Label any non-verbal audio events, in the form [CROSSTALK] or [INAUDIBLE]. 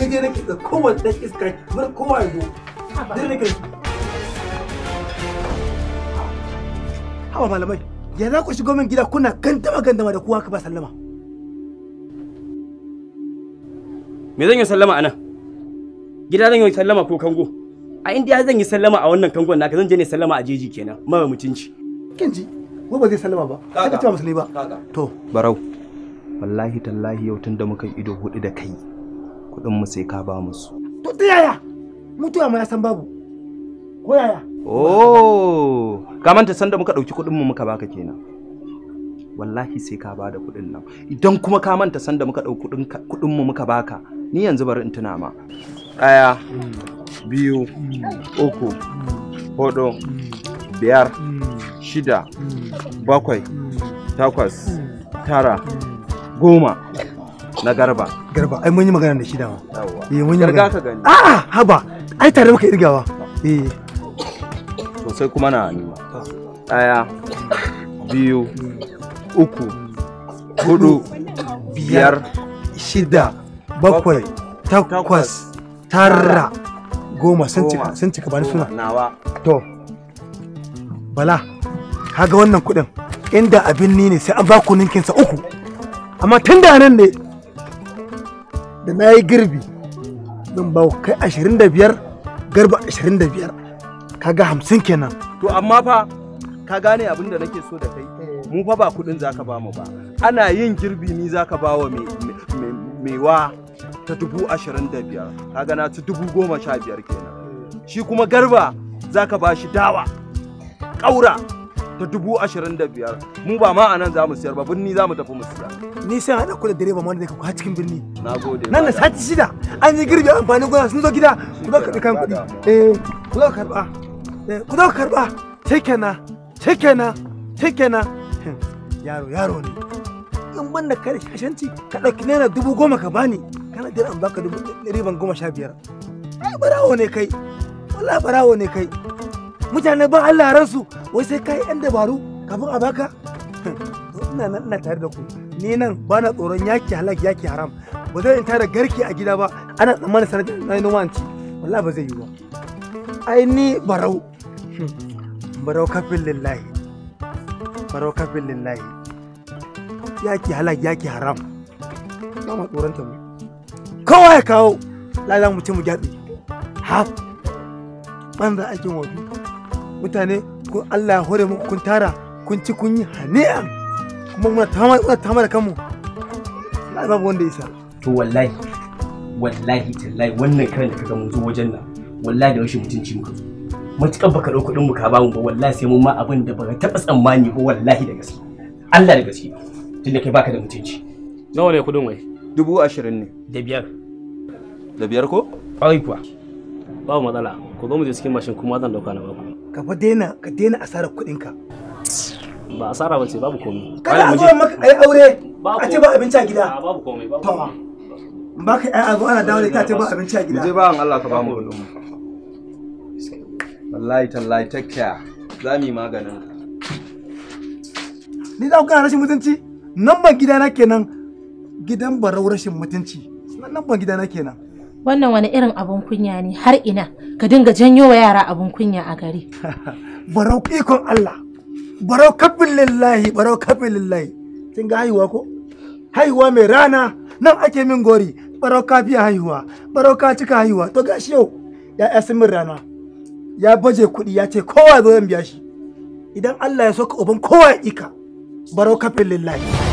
daidai nake da ya ku shigo min gida kuna gandama gandama da kowa ka ba sallama me zan yi sallama anan gida zan yi sallama ko kango a indiya zan yi sallama a wannan kangon naka zan je ne sallama a jeji kenan mara mutunci kin ji ko ba zai sallama ba sai ka ce musulmi ba to barau wallahi tallahi yau tun da muka ido hudu da kai kuɗin mu sai ka ba musu to ta yaya mutuwa ma ya san babu ko yaya oh ka manta da muka ɗauki kuɗin mu muka baka kenan wallahi sai ka bada kuɗin nan idan kuma ka manta da muka dauki kuɗin mu muka baka ni yanzu bari in tuna ma ɗaya biyu uku hudu biyar shida bakwai takwas tara goma na garba garba ai mun yi magana da shi ma eh mun yi magana ka gani a ah, haba ai tare muka irgawa eh to sai kuma na nima daya biyu hmm. uku hudu biyar shida bakwai takwas tara goma sun cika sun cika bani suna nawa to bala kaga wannan kudin inda abin ni ne sai an ba ku ninkinsa uku amma tun da nan ne da na yi girbi zan ba kai ashirin da biyar garba ashirin da biyar kaga hamsin kenan to amma fa ka gane abin da nake so da kai eh. mu fa ba kuɗin zaka ba mu ba ana yin girbi ni zaka ba wa mewa ta dubu ashirin da biyar kaga na ta dubu goma sha biyar kenan shi kuma garba zaka ba shi dawa ƙaura ta dubu ashirin da biyar mu ba ma anan nan za mu siyar ba birni za mu tafi mu siya. ni sai haɗa ku da direba ma da ka ha cikin birni. na gode nan da sati shida an yi girbi amfanin gona sun zo gida ku zo karɓi kan kuɗi eh ku zo karɓa eh, ku zo karɓa sai kenan sai kenan sai kenan yaro yaro ne in ban da kare kashanci ka ɗauki naira dubu goma ka bani kana dira an baka dubu ɗari ban goma sha biyar ai barawo ne kai wallahi barawo ne kai mutane ba Allah ransu wai sai kai yan dabaru kafin a baka ina nan ina tare da ku ni nan ba na tsoron yaki halak yaki haram ba zai tare garki a gida ba ana tsammanin sanadin na yi noma anti wallahi ba zai yi ba ai ni barau barau kafin lillahi barau kafin lillahi yaki halak yaki haram ba ma tsoron ta mu kawai ya kawo la za mu ci mu gyaɗe ha banza aikin wabi mutane ko Allah ya hore muku kun tara kun ci kun yi hani'a kuma muna tama muna tama da kanmu Allah babu wanda isa to wallahi wallahi tallahi wannan kan da kaga mun zo wajen nan wallahi da rashin mutunci muka zo matukar baka dauko din muka ba mu ba wallahi sai mun ma abin da baka taba tsammani ba wallahi da gaske Allah da gaske tunda kai baka da mutunci nawa ne kudin wai dubu ashirin ne da biyar da biyar ko ai kuwa babu matsala ku zo mu je cikin mashin kuma zan dauka na baku ka fa daina ka daina asarar ba asara ba ce babu komai kada zo aure a ce ba a gida babu komai a gida je ba Allah ka ba mu kuɗin mu wallahi tallahi za maganin ku kana rashin mutunci nan ban gidana kenan gidan barau rashin mutunci nan gidana kenan wannan wani irin abun kunya ne har ina ka dinga janyo wa yara abun kunya a gari [LAUGHS] barau ikon Allah barau kafin lillahi barau kafin lillahi kin ga haihuwa ko haihuwa mai rana nan ake min gori barau ka biya haihuwa barau ka cika haihuwa to gashi yau ya sun min rana ya baje kuɗi ya ce kowa zo biya shi idan Allah ya so ka uban kowa ya ika barau kafin lillahi